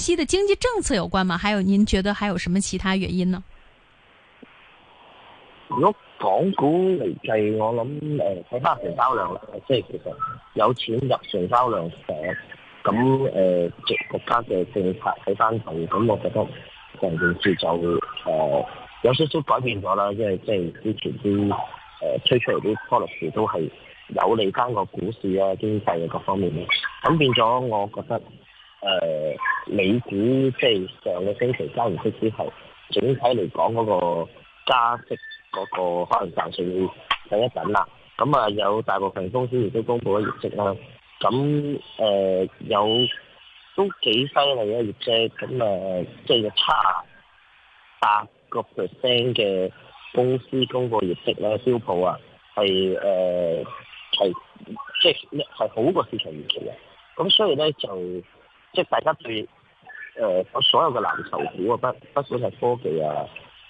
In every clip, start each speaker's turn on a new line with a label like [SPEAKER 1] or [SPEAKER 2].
[SPEAKER 1] 係的經濟政策有關嗎？還有，您覺得還有什麼其他原因呢？
[SPEAKER 2] 如果港股嚟計，就是、我諗誒睇翻成交量，即、就、係、是、其實有錢入成交量成咁誒，國家嘅政策睇翻頭，咁、嗯、我覺得成件事就誒、呃、有少少改變咗啦。因為即係之前啲誒推出嚟啲 policy 都係有利翻個股市啊、經濟啊各方面，咁、嗯、變咗，我覺得。誒、呃，美股即係、就是、上個星期交完息之後，整體嚟講嗰個加息嗰個可能暫時會等一陣啦。咁啊，有大部分公司亦都公布咗業績啦。咁誒、呃，有都幾犀利嘅業績。咁啊，即、呃、係、就是、差八個 percent 嘅公司公布業績咧，消普啊，係誒係即係係好過市場預期嘅。咁所以咧就。即係大家對誒，我所有嘅藍籌股啊，不，不管係科技啊、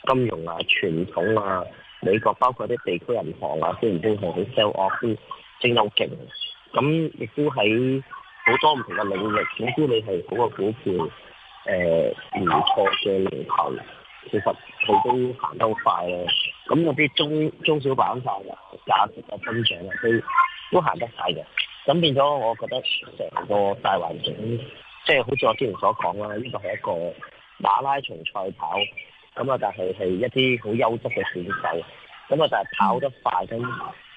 [SPEAKER 2] 金融啊、傳統啊，美國包括啲地區銀行啊，都唔都係好 sell off，都升得好勁。咁亦都喺好多唔同嘅領域，只要你係嗰個股票誒唔錯嘅龍頭，其實佢都行得好快嘅。咁嗰啲中中小板塊價值嘅增長啊，都都行得快嘅。咁變咗，我覺得成個大環境。即係好似我之前所講啦，呢個係一個馬拉松賽跑，咁啊但係係一啲好優質嘅選手，咁啊但係跑得快，跟住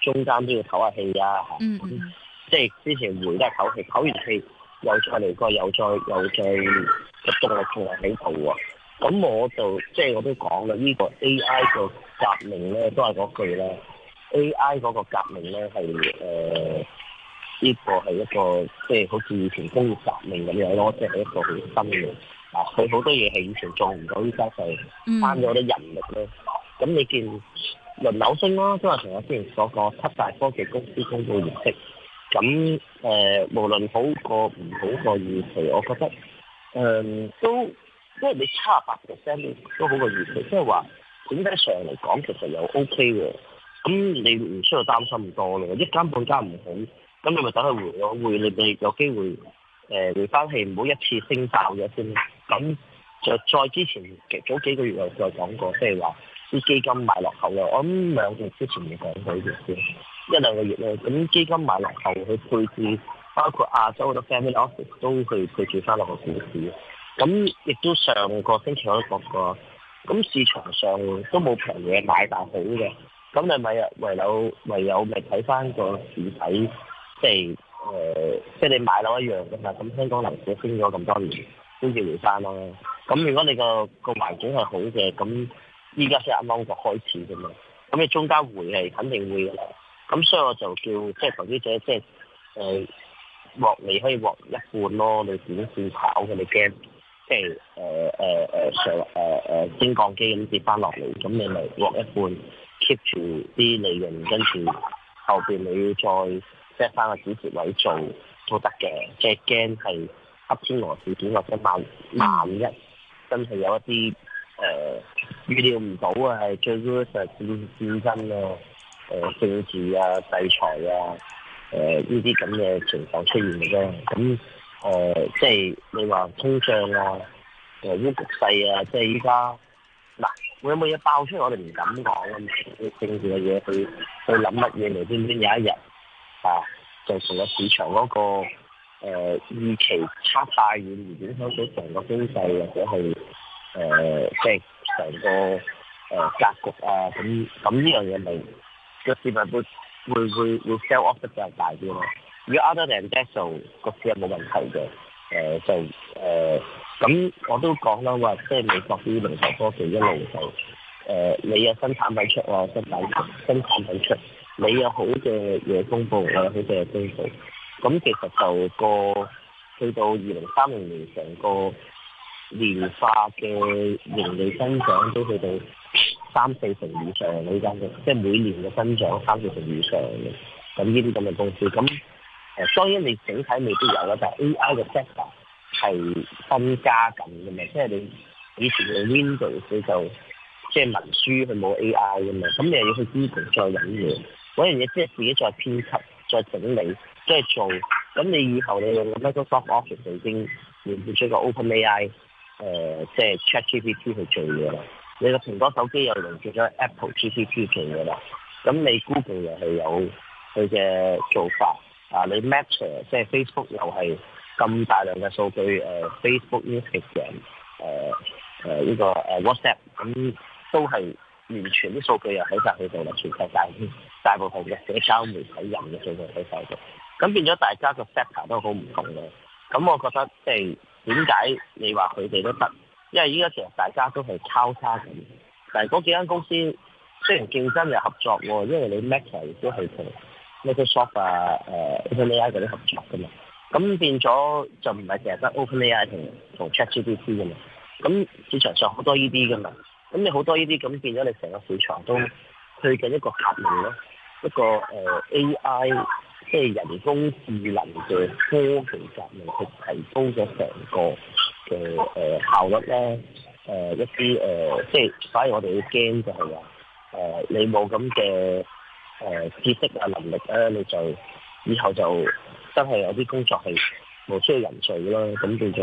[SPEAKER 2] 中間都要唞下氣啊、嗯嗯，即係之前回都係唞氣，唞完氣又再嚟過，又再又再入動力仲係起步喎。咁我就即係我都講啦，呢、呢個 A I 個革命咧都係嗰句咧，A I 嗰個革命咧係誒。呢、這個係一個即係、就是、好似以前工業革命咁樣咯，即係一個好新嘅。嗱、啊，佢好多嘢係以前做唔到，依家係翻咗啲人力咧。咁、嗯、你見輪流升啦，即係同我之前所講七大科技公司嗰個模式。咁誒、呃，無論好過唔好過預期，我覺得誒、呃、都即係你差八 percent 都好過預期，即係話整體上嚟講其實又 OK 喎。咁你唔需要擔心多咯，一間半間唔好。咁你咪等佢回咗回，你你有機會誒、呃、回翻氣，唔好一次升爆咗先。咁就再之前早幾個月又再講過，即係話啲基金買落後嘅，我諗兩個月之前你講咗先一兩個月咧。咁基金買落後，佢配置包括亞洲好多 family office 都去配置翻落個股市。咁亦都上個星期我都講過，咁市場上都冇平嘢買，大好嘅。咁你咪唯有唯有咪睇翻個市睇。即係誒，即係你買樓一樣噶嘛，咁香港樓市升咗咁多年，先至回翻咯。咁如果你個個環境係好嘅，咁依家先啱啱個開始噶嘛。咁你中間回嚟肯定會嘅啦。咁所以我就叫即係投資者即係誒獲利可以獲一半咯，你自己炒嘅？你驚即係誒誒誒上誒誒升降機咁跌翻落嚟，咁你咪獲一半，keep 住啲利潤，跟住後邊你要再。.即係翻個主持位做都得嘅，即係驚係黑天鵝事件或者萬萬一真係有一啲誒預料唔到啊，係最高嘅就係戰爭咯，誒政治啊、制裁啊、誒呢啲咁嘅情況出現嘅啫。咁誒即係你話通脹啊、誒局勢啊，即係依家嗱會有冇嘢爆出，我哋唔敢講啊嘛。啲政治嘅嘢，去去諗乜嘢嚟，點知有一日。啊，就成個市場嗰、那個誒預、呃、期差太遠，而影響到成個經濟，或者係誒即係成個誒、呃、格局啊，咁咁呢樣嘢咪個市民會會會會 sell off 得比較大啲咯。如果 other than that 就個市係冇問題嘅，誒、呃、就誒咁、呃、我都講啦，話即係美國啲零售科技一路就誒、呃，你有新產品出，我新品新產品出。你有好嘅嘢公布，我有好嘅嘢公布。咁其實就個去到二零三零年，成個年化嘅盈利增長都去到三四成以上，你間公司即係每年嘅增長三四成以上嘅。咁呢啲咁嘅公司，咁誒當然你整體未必有啦，但係 AI 嘅 sector 係增加緊嘅嘛，即係你以前嘅 Windows 佢就即係文書佢冇 AI 嘅嘛，咁你又要去支持再引入。嗰樣嘢即係自己再編輯、再整理、即、就、係、是、做。咁你以後你用嘅 Microsoft Office 已經先連結咗個 open AI，誒即係 chat GPT 去做嘢啦。你個蘋果手機又連結咗 Apple GPT 做嘢啦。咁你 Google 又係有佢嘅做法。啊，你 Meta 即係 Facebook 又係咁大量嘅數據、呃、Facebook Instagram、呃、Instagram、呃、呢、呢個、呃、WhatsApp，咁、嗯、都係完全啲數據又喺晒佢度啦，全世界大部分嘅，社交媒體人嘅，最近嘅細數，咁變咗大家個 sector 都好唔同嘅。咁我覺得即係點解你話佢哋都得，因為依家其實大家都係交叉咁。但係嗰幾間公司雖然競爭又合作喎，因為你 Meta 亦都係同 Microsoft 啊、誒 OpenAI 嗰啲合作嘅嘛。咁變咗就唔係成日得 OpenAI 同同 ChatGPT 嘅嘛。咁市場上好多依啲嘅嘛。咁你好多依啲咁變咗，你成個市場都。最近一個革命咧，一個誒 AI，即係人工智能嘅科技革命，佢提高咗成個嘅誒效率咧。誒一啲誒，即係反而我哋會驚就係話，誒你冇咁嘅誒知識啊能力咧，你就以後就真係有啲工作係冇需要人做咯。咁變咗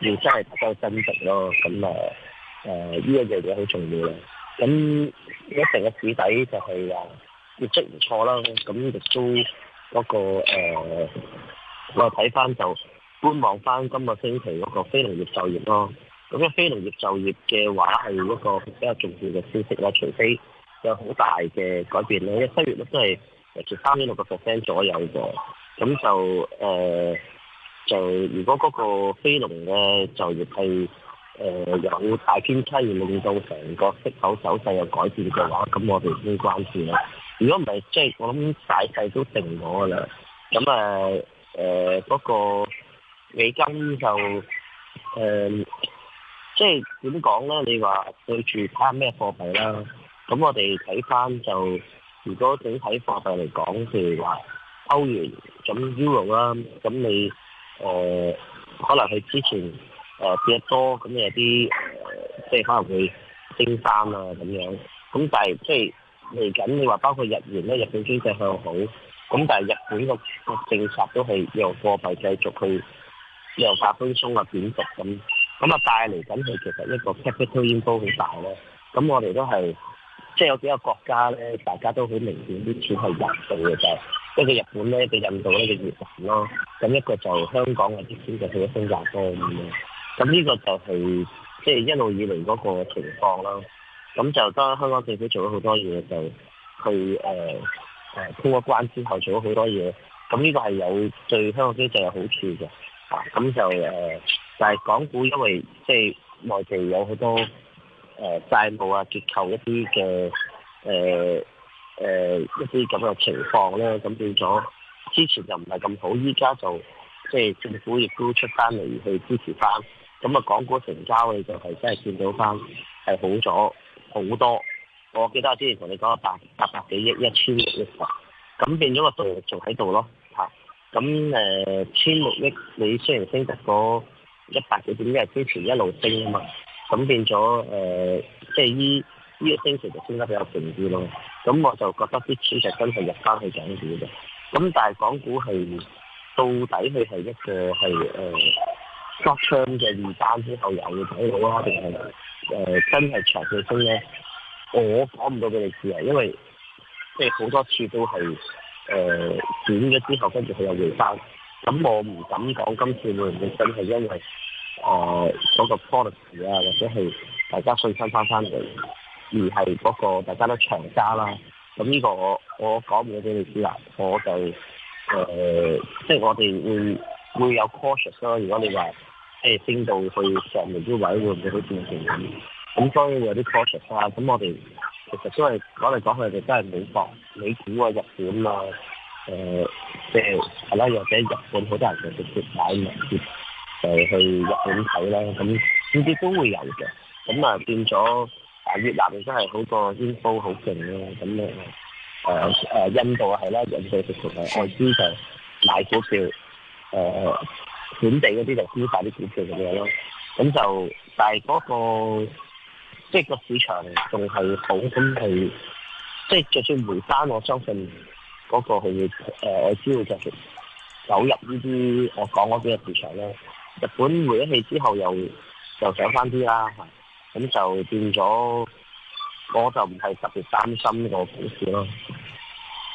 [SPEAKER 2] 要真係大家去增值咯。咁誒誒呢一樣嘢好重要咧。咁成個市底就係啊，業績唔錯啦。咁亦都嗰個誒，我睇翻就觀望翻今個星期嗰個非農業就業咯。咁咧，非農業就業嘅話係嗰個比較重要嘅消息啦。除非有好大嘅改變咧，因為七月咧都係誒三點六個 percent 左右嘅。咁就誒，就如果嗰個非農嘅就業係。誒，有大偏差令到成個息口走勢有改變嘅話，咁我哋先關注啦。如果唔係，即係我諗大勢都定咗啦。咁啊，誒嗰個美金就誒，即係點講咧？你話對住啲咩貨幣啦？咁我哋睇翻就，如果整體貨幣嚟講，譬如話歐元，咁 Euro 啦，咁你誒可能係之前。誒跌得多，咁有啲誒，即係可能會升翻啊咁樣。咁但係即係嚟緊，你話包括日元咧，日本經濟向好，咁但係日本個個政策都係由貨幣繼續去量化寬鬆啊，減息咁，咁啊帶嚟緊係其實一個 capital inflow 好大咧。咁我哋都係即係有幾個國家咧，大家都好明顯啲錢係入到嘅，就係一個日本咧，嘅印度咧，嘅越南咯，咁一個就香港嘅啲錢就去咗新加坡咁樣。咁呢個就係即係一路以嚟嗰個情況啦。咁就當香港政府做咗好多嘢，就去誒誒、呃、通過關之後做咗好多嘢。咁呢個係有對香港經濟有好處嘅。啊，咁就誒、呃，但係港股因為即係內地有好多誒、呃、債務啊、結構一啲嘅誒一啲咁嘅情況咧，咁變咗之前就唔係咁好，依家就即係、就是、政府亦都出翻嚟去支持翻。咁啊，港股成交嘅就係真係見到翻係好咗好多。我記得我之前同你講一百八百幾億，一千六億咁變咗個動力仲喺度咯。咁、啊、千六億，你雖然升得嗰一百幾點，因為之前一路升啊嘛，咁變咗即係依呢個星期就升得比較勁啲咯。咁我就覺得啲錢就真係入翻去緊啲嘅。咁但係港股係到底佢係一個係失窗嘅二單之後有冇睇到啊？定係誒真係長嘅升咧？我講唔到俾你知啊，因為即係好多次都係誒短咗之後，跟住佢又回翻。咁我唔敢講今次會唔會真係因為誒嗰、呃嗰個 policy 啊，或者係大家信心翻翻嚟，而係嗰個大家都長揸啦。咁呢個我我講唔到俾你知啊，我就誒、呃、即係我哋會。會有 cautious 咯、啊，如果你話即係升到去，會會去上面啲位，會唔會好變成咁？咁當然有啲 cautious 啦、啊。咁我哋其實都係講嚟講去，佢都係美國、美股啊、日本啊，誒、呃，即係係啦，又或者日本好多人就直接買名，就去入日本睇啦。咁呢啲都會有嘅。咁啊變咗啊，越南真係嗰個 info 好勁啦。咁咧誒印度係啦，印度直情喺外資就買股票。誒、呃，本地嗰啲就消化啲股票咁樣咯，咁、那個、就但係嗰個即係個市場仲係好，咁係即係就算回翻我相信嗰個係誒、呃，我知道就走入呢啲我講嗰幾個市場啦，日本回咗氣之後又又上翻啲啦，咁就，就變咗，我就唔係特別擔心呢個股市咯。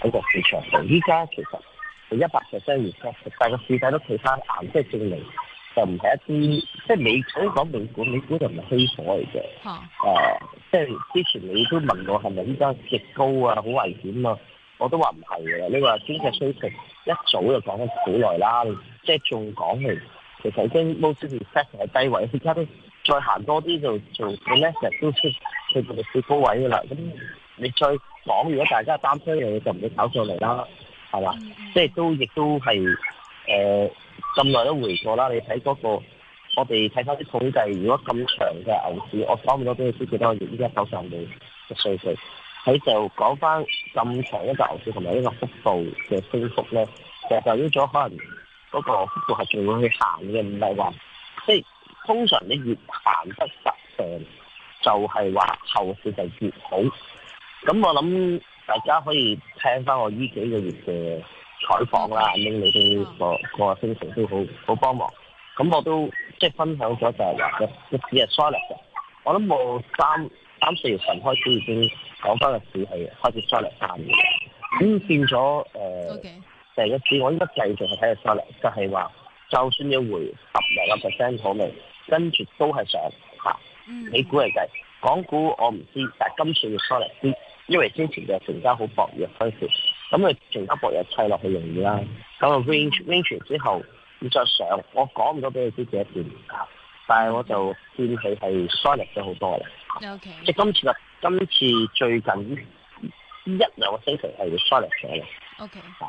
[SPEAKER 2] 喺，這個市場度，依家其實你一百 percent 亦都，但係個市態都企返硬，即係證明就唔係一啲，即係美。所以講美股、美股就唔係虛火嚟嘅。誒、啊呃，即係之前你都問我係咪依家極高啊，好危險啊，我都話唔係嘅。你、這、話、個、經濟衰退，一早就講咗好耐啦，即係仲講嚟，其實已經冇出現 set 喺低位，而家都再行多啲就做咩咧？日都出去，去到最高位噶啦，咁。你再講，如果大家擔心嘅就唔會炒上嚟啦，係嘛？即、mm-hmm。係都亦都係誒咁耐都回過啦。你睇嗰、那個，我哋睇翻啲統計，如果咁長嘅牛市，我講唔到幾多幾多我依家手上嘅歲歲，喺就講翻咁長一個牛市同埋呢個幅度嘅升幅咧，就代表咗可能嗰個幅度係仲會去行嘅，唔係話即係通常你越行得實淨就係、是、話後市就越好。咁我諗大家可以聽翻我呢幾個月嘅採訪啦，咁你都個、oh. 個星期都好好幫忙。咁我都即係分享咗就係話嘅，只係 solid 嘅。我諗我三三四月份開始已經講翻、呃 okay. 個市係開始 solid 彈嘅。咁變咗誒成個市，我應該繼續係睇下 solid，就係話就算要回十零個 percent 落嚟，跟住都係上吓。你估嚟計，港股我唔知，但係今次要 solid 啲。因為之前嘅成交好薄弱，開散，咁佢成交薄弱砌落去容易啦。咁啊 range range 完之後你再上，我講唔到俾你知幾多年，但係我就見佢係收力咗好多啦。O K。即今次啊，今次最近一兩個星期係會收力咗啦。
[SPEAKER 1] Okay。